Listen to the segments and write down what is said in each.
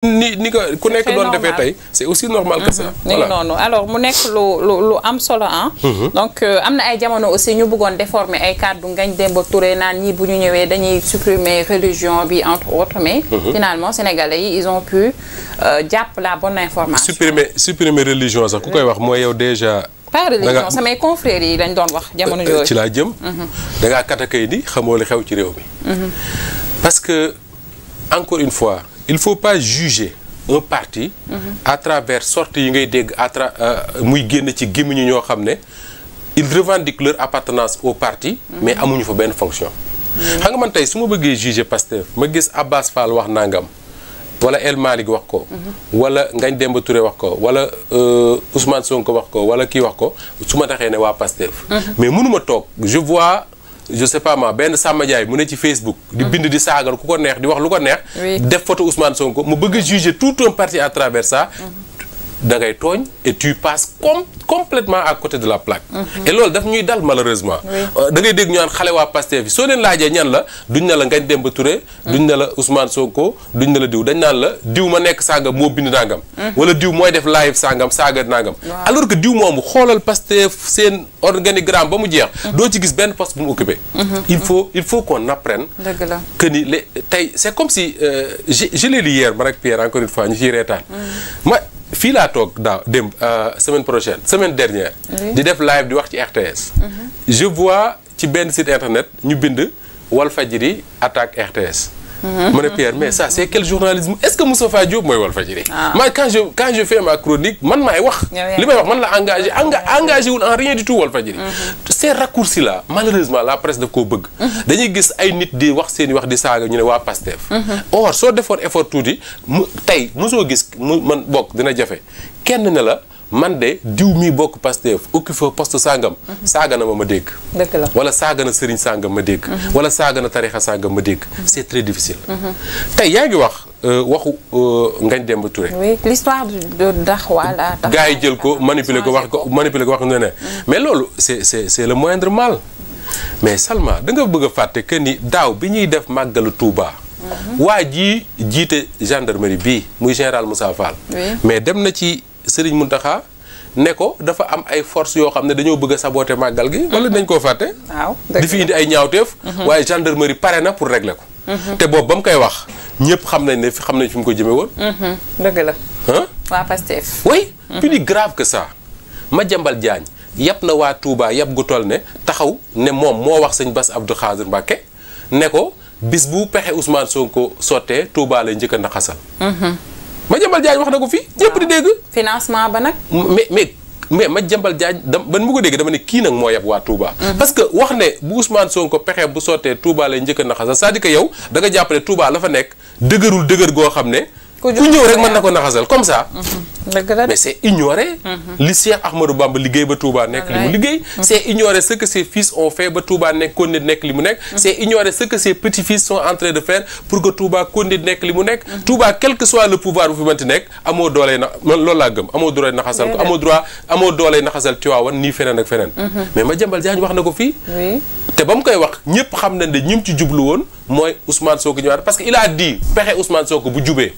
ni ni ko ku nekk doon defee tey c'est aussi normal que ça mhm. voilà noonu alors mu nekk lu lu am solo ah mhm. donc euh, am na ay jamono aussi ñu bëggoon déformer ay kàddu Ngagne Demba Touré naan ñi bu ñu ñëwee dañuy supprimer religion bi entre autres mais mhm. finalement sénégalais yi ils ont pu euh, jàpp la bonne information supprimer supprimer religion sax ku koy wax mooy yow déjà pas religion samay confrères yi lañ doon wax jamono euh, yooyu ci laa jëm da ngaa katakay di xamoo li xew ci réew mi parce que encore fois il faut pas juger un parti à travers sorties yi ngay dégg à tra euh, muy génn ci gémmiñu ñoo xam ne ils revendiquent leur appartenance au parti mais amuñu fa benn fonction xam nga man tey su ma bëggee juger Pastef ma gis Abbas Fall wax nangam wala El Malick wax ko wala ngañ Demba Touré wax ko wala euh, Ousmane Sonko wax ko wala kii wax ko su ma taxee ne waa Pastef mhm. mais mënuma toog je sais benn Samba Ndiaye mu ne ci Facebook. di bind di saagal ku ko neex di wax lu ko neex. def photo Ousmane Sonko mu bëgg a juger tout un parti à travers ça. Mm-hmm. da ngay tooñ et tu passes com complètement côté de la plaque. Mhm. et loolu daf ñuy dal malheureusement. Euh, da ngay dégg ñu naan xale waa Pastef yi soo leen laajee ñan la duñ na la Ngagne Demba Touré. Mhm. duñ na la soo ko duñ na la diw dañ naan la diw ma nekk sàngam moo bind nangam. Mhm. wala diw mooy def live sàngam saaga nangam. alors que diw moomu xoolal Pastef seen organigramme ba mu jeex. doo ci gis benn poste bu mu occupé. il faut il faut qu'on apprenne. dëgg la que ni les tey c'est si euh, je je l'ai lu hier man ak Pierre encore fii laa toog daaw démb euh, semaine prochaine semaine dernière. di def live di wax ci RTS. Mhm. je vois ci benn site internet ñu bind Walfadjri attaque RTS. ma ne Pierre mais ça c' est quel journalisme est ce que Moustapha Diop mooy Walfadjri. waaw ah. man quand je quand je fais ma chronique man maay wax. li may wax man la engagé engagé wul en rien du tout Walfadjri. Mm-hmm. ces raccourcis là malheureusement la presse daf koo bëgg. Mm-hmm. dañuy gis ay nit di wax seen i wax di saaga ñu ne waa Pastef. Mm-hmm. or soo defoon effort tuuti mu tey mosoo gis mu man bokk dina jafe kenn ne la. man de diw mii bokk Pastef occupé poste sàngam saaga na ma ma dégg wala saaga na sëriñ sàngam ma dégg mhm. wala saaga na tarixa sàngam ma dégg mhm. c'est très difficile mhm. tey yaa ngi wax euh, waxu euh, Ngagne Demba Touré oui l'histoire de Dakhwa la gaa yi jël ko manipuler ko wax ko manipuler ko wax ne ne mais loolu c'est c'est c'est le moindre mal mais Salma da nga bëgg a fàtte que ni daaw bi ñuy def màggalu Touba waa jii jiite gendarmerie bii muy général Moussa Fall mais dem na ci Serigne Mountakha ne ko dafa am ay force yoo xam ne dañoo bëgg a màggal gi. wala mhm. dañ koo fàtte. waaw di fi indi ay ñaawteef. Mhm. waaye gendarmerie pare na pour régler ko. Mhm. te boobu ba mu koy wax ñëpp xam nañ ne fi xam nañ fi mu ko jëmee woon. dëgg la. ah waa Pastef. oui plus grave que ma jambal Diagne yab na waa tuubaa yab gu toll ne taxaw ne moom moo wax sëñ Bass Abdou Khadir Mbacké ne ko bis bu pexe Ousmane ko sottee Touba lay njëkk a naxasal. ma Madiambal Diagne wax na ko fi ñëpp di dégg. financement ba nag. mais mais mais Madiambal jaaj dam ban mu ko dégg dama ne kii nag moo yab waa Touba. Mhm. parce que wax ne bu Ousmane Sonko pexe bu sottee Touba lay njëkk a naxas c'est-à-dire que yow da nga jàpp ne Touba la fa nekk dëgërul dëgër goo xam ne. ku ñëw rek man na ko naxasal comme ça. Mm-hmm. mais c' est ignorer. Mm-hmm. li Cheikh Ahmadou Bamba liggéey ba Touba nekk li mu liggéey. Mm-hmm. c' est ignorer ce que ses fils ont fait ba Touba nekk kon nit nekk li mu nekk. c' est ignorer ce que ses petits fils sont en train de faire pour que Touba kon nit nekk li mu nekk. Touba quel que soit le pouvoir bu fi mënti nekk amoo doole na man loolu laa gëm amoo droit naxasal ko amoo droit amoo doole naxasal Tiwaawan nii feneen ak feneen. mais Madiambal Diagne wax na ko fii. te ba mu koy wax ñëpp xam nañ ne ñi mu ci jublu woon mooy Ousmane Sonko ñëwaat parce que il a dit pexe Ousmane Sonko bu jubee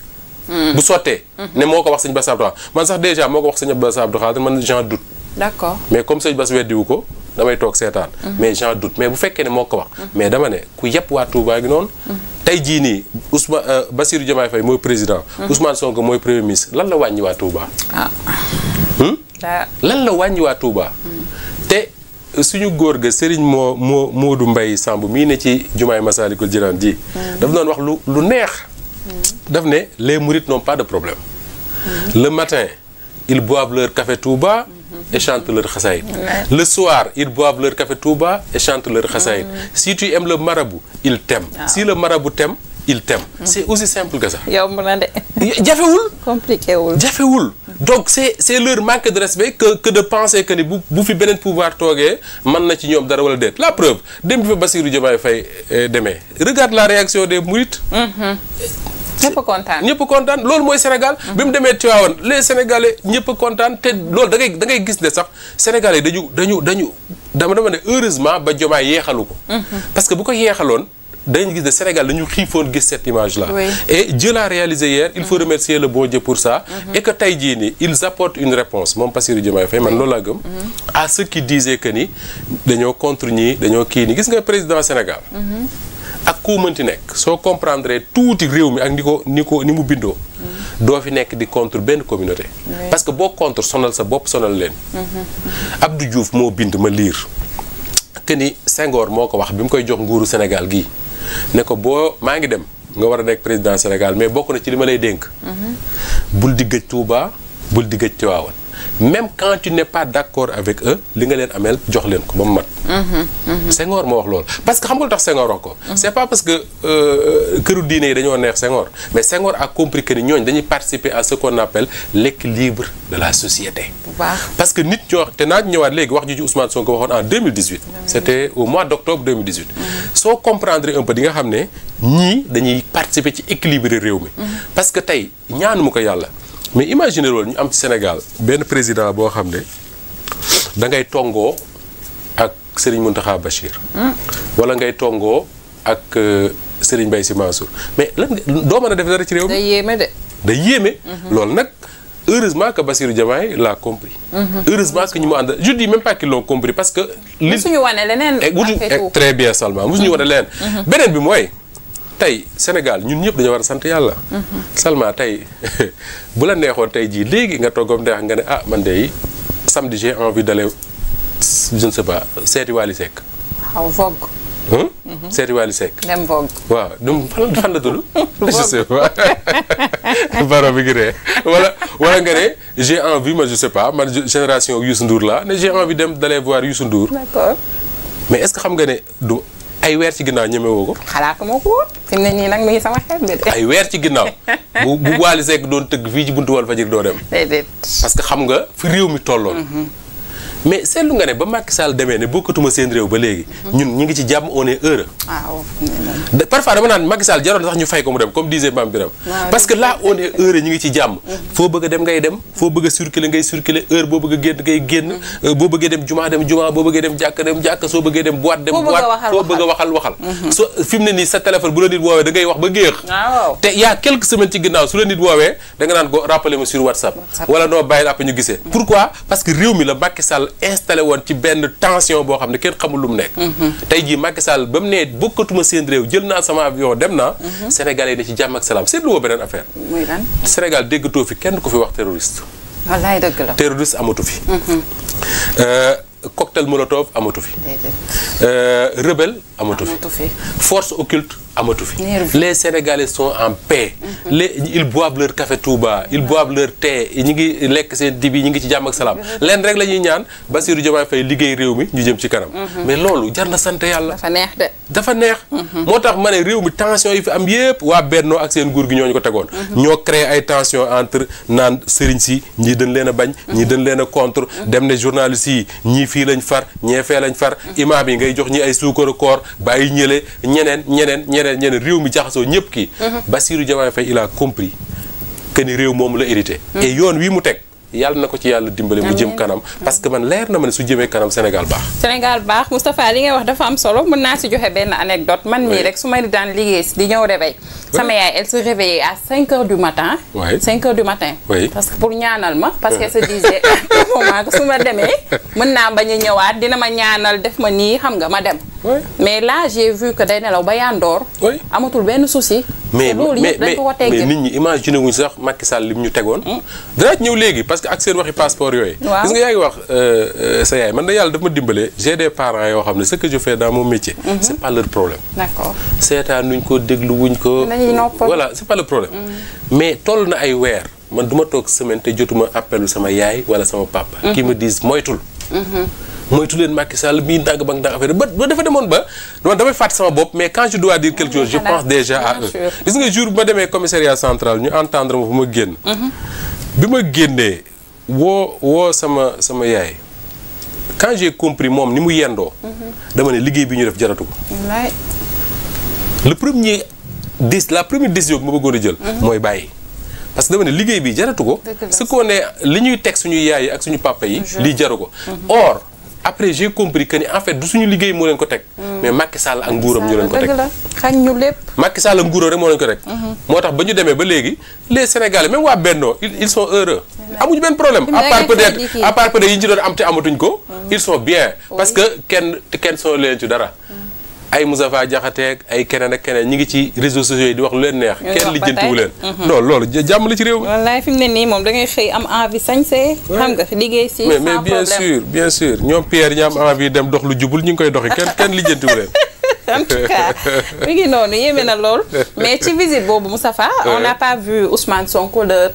bu sottee. ne moo ko wax sañ Bass Abdou Khadre man sax déjà moo ko wax sëñ Bass Abdou Khadre man j'en doute. mais comme sëñ Bass weddiwu ko damay toog seetaan. Mhm. mais j'en doute mais bu fekkee ne moo ko wax. Mhm. mais dama ne ku yëpp waa Touba gi noonu. Mhm. tey jii nii Ousmane euh, Bassirou Diomaye Faye mooy président. Ousmane Sonko mooy premier lan la wàññi waa Touba. Ah. Hmm? lan la wàññi Touba. te suñu góor ga Serigne moo moo Modou mbay Samb mii ne ci jumaay Massalikul Jinaan ji. daf doon wax lu lu neex. daf ne les mourides n'ont pas de problème le matin ils boivent leur kafe Touba et chantent leur xasaayit le soir ils boivent leur café Touba et chantent leur xasaayit mm. si tu aimes le marabout il t'aime ah. si le marabout t'aime il t'aime mm. c'est aussi simple que ça yomb na de jafewul jafewul donc c'est c'est leur manque de respect que que de penser que ni bu fi beneen pouvoir toogee man na ci ñoom dara wala déet la preuve dem bi fa Bassirou Diomaye Faye euh, demee regarde la réaction des mourides mm-hmm. ñëpp kontaan ñëpp kontaan loolu mooy Sénégal mm-hmm. bi mu demee Tivaouane les Sénégalais ñëpp kontaan te loolu da ngay da ngay gis ne sax Sénégalais dañu dañu dañu dama dama ne heureusement ba Diomaye yeexalu ko mm-hmm. parce que bu ko yeexaloon dañu gis ne Sénégal dañu xiifoon gis cette image la oui. et Dieu réalisé hier il faut mm-hmm. remercier la bon Dieu pour ça mm -hmm. et tey jii nii ils apportent une réponse moom Bassirou Diomaye Faye man loolu laa gëm à ceux qui disaient que ni dañoo contre ñii dañoo kii nii gis nga président Sénégal ak ku mënti nekk soo comprendre tuuti réew mi ak ni ko ni ko ni mu bindoo. doo fi nekk di contre benn communauté. parce que boo contre sonal sa bopp sonal leen. Abdou juuf moo bind ma liir que ni sengoor moo ko wax bi mu koy jox nguuru Sénégal gi ne ko boo maa ngi dem nga war a nekk président Sénégal mais bokk na ci li ma lay dénk. Mhm. bul di tuuba bul di gëj Tivaouane même quand tu n'es pas d'accord avec eux li nga leen ameel jox leen ko ba mu mat. Senghor moo wax loolu parce que xam nga lu tax Senghor wax ko. c'est pas parce que euh, këru diine yi dañoo neex Senghor mais Senghor a compris que ni ñooñu dañuy participer à ce qu'on appelle l'équilibre de la que nit ñoo te naa ñëwaat léegi wax ji ci Ousmane Sonko waxoon en 2018. c'était au mois d'octobre 2018. soo comprendre un peu di nga xam ne ñii dañuy participer ci équilibre réew mi. Mhm. parce que tey ñaanu ma ko yàlla. mais imaginer loolu ñu am ci Sénégal benn président boo xam ne da ngay tongoo ak Serigne Mountakha Bachir. wala ngay tongoo ak euh, Serigne Baye Sy Mansour mais lan doo mën a def dara ci réew mi. day yéeme de. day yéeme. loolu nag heureusement que Bassirou Diomaye l'a compris. Mhm. heureusement que ñu mu ànd je dis même pas qu'ils compris parce que. li suñu wane leneen. Eh, eh, très bien Salma mosuñu mhm. wane leneen. Mhm. beneen bi mooy. tey Sénégal ñun ñëpp dañoo war a sant yàlla. seulement tey bu la neexoon tey jii léegi nga toggam neex nga ne ah man de samedi j'ai envie d'aller je ne sais pas seeti Wally Seck. waaw Vogue. Mhm. seeti Wally Seck. dem Vogue. waaw dum fan fan la tudd. baro bi ngi ree wala wala nga ne j'ai envie man je sais pas man génération Youssou Ndour laa ne j'ai envie dem d'aller voir Youssou Ndour. mais est xam nga ne ay weer ci ginnaaw ñemewoo ko. xalaatuma ko woon ne nii nag mi ngi sama xel bi de. ay weer ci ginnaaw bu bu Wally Seck doon tëgg fii ci buntu Walfadjri doo dem. déedéet parce que xam nga fi réew mi tolloon. Mhm. mais seetlu nga ne ba Macky Sall demee ne bokkatuma seen réew ba léegi. ñun ñu ngi ci jàmm on est heureux. waaw parfois dama naan Macky jaroon sax ñu fay ko mu dem comme disait Mame Birame parce que ñu ngi ci jàmm. Mm-hmm. foo bëgg ngay dem foo bëgg a circuler ngay circuler boo bëgg a génn ngay génn. Mm-hmm. Euh, boo bëggee dem jumaa dem jumaa boo bëggee a waxal waxal. Mm-hmm. sa téléphone bu la nit woowee da wax ba géex. te y a quelques ci ginnaaw su la nit woowee da nga naan ko rappeler ma sur WhatsApp. wala noo bàyyi la ñu gisee pourquoi parce que réew mi la Macky installé woon ci benn tension boo xam ne kenn xamul lu mu nekk. Mhm. tey ji Macky Sall ba mu nee bokkatuma seen réew jël naa sama avion dem na mhm. sénégal yi ne ci jàmm ak salaam seetlu woo beneen affaire. muy lan Sénégal déggatoo fi kenn ku fi wax terroriste. wallaay dëgg la terroriste amatu fi. Mhm. Euh, cocktail molotov amatu fi. Euh, rebelle amatu fi. force occulte amatu fi les sénégalais so en paix mm-hmm. les ils boivent leur café Touba ils mm-hmm. boivent leur thé ñi ngi lekk seen dibi ñu ngi ci jàmm ak salaam mm-hmm. leen rek la ñuy ñaan Bassirou Diomaye Faye liggéey réew mi ñu jëm ci kanam mais loolu jar na sant yàlla dafa neex dafa neex moo tax ma ne réew mi tension yi fi am yépp waa Bennoo ak seen nguur gi ñooñu ko tegoon ñoo créé ay tension entre naan sëriñ si ñii dañ leen a bañ ñii dañ leen a contre dem ne journalistes yi ñii fii lañ far ñee lañ far imaam yi ngay jox ñi ay suukaru ñeneen ñeneen réew mi jaxasoo ñëpp kii. Mhm. Bassirou Diomaye Faye il a compris que réew moom la hérité. Mhm. et yoon wi mu teg. yàlla na ko ci yàlla dimbale mu jëm kanam parce que man leer na ma ne su jëmee kanam Sénégal baax Sénégal ma di ñëw réveil sama yaay elle se réveillait à 5 heures du matin 5 heures ma parce que elle se disait à tout moment que demee mën naa bañ a ñëwaat dina ma ñaanal def ma nii xam nga ma dem mais là j'ai vu que day nelaw ba yandoor amatul benn souci. mais mais mais nit ñi imaginer wuñ sax Macky Sall lim ñu tegoon. Hmm. dinaa ci ñëw léegi parce que ak seen waxi passeport yooyu. waaw gis nga yaa ngi wax euh, euh, sa yaay man da yàlla daf ma dimbalee j'ai des parents yoo xam ne ce que je fais dans mon hmm. c'est pas leur problème. ko déglu wuñ hmm. mais toll na ay weer man du ma toog semaine te jotuma appelu sama yaay wala sama papa. qui me disent moytul. moytu leen Macky Sall mii ndànk ba ndànk affaire ba ba dafa demoon ba man damay fàtt sama bopp mais quand je dois dire quelque chose je pense déjà à eux gis nga jour bi ma demee commissariat central ñu entendre ma fu ma génn mhm. bi ma génnee woo woo sama sama yaay quand compris moom ni mu yendoo mhm. dama ne liggéey bi ñu def jaratu ko le premier dis la première décision bi ma bëggoon a jël mhm. mooy bàyyi parce que dama ne liggéey bi jaratu ko ce qu'on est li ñuy teg suñu yaay yi ak suñu papa yi lii jaru ko après j'ai compris que ni en fait du suñu liggéey moo leen ko teg. Mm. mais Macky Sall ak nguuram ñu leen ko teg. xañ ñu lépp. moo leen ko mm-hmm. moo tax ba ñu demee ba léegi les sénégalais même waa Benno ils sont heureux. amuñu benn problème à part peut-être à part peut-être yi ñu ci doon am te amatuñ ko. Mm-hmm. ils sont bien parce que kenn kenn soo leen ci dara. Mm-hmm. ay Moustapha Diakhaté ay keneen ak keneen ñi ngi ci réseaux sociaux yi di wax lu leen neex. kenn lijjantiwu leen. Mhm. non loolu jàmm la ci réew mi. wallaay fi mu ne nii moom da ngay xëy am envie sañse. xam nga liggéey mais mais bien sûr bien sûr ñoom Pierre ñi am dem dox lu jubul ñu ngi koy doxi kenn lijjantiwu leen. en ngi noonu yéeme na lool mais ci visite boobu Moustapha on n'a pas vu Ousmane Sonko le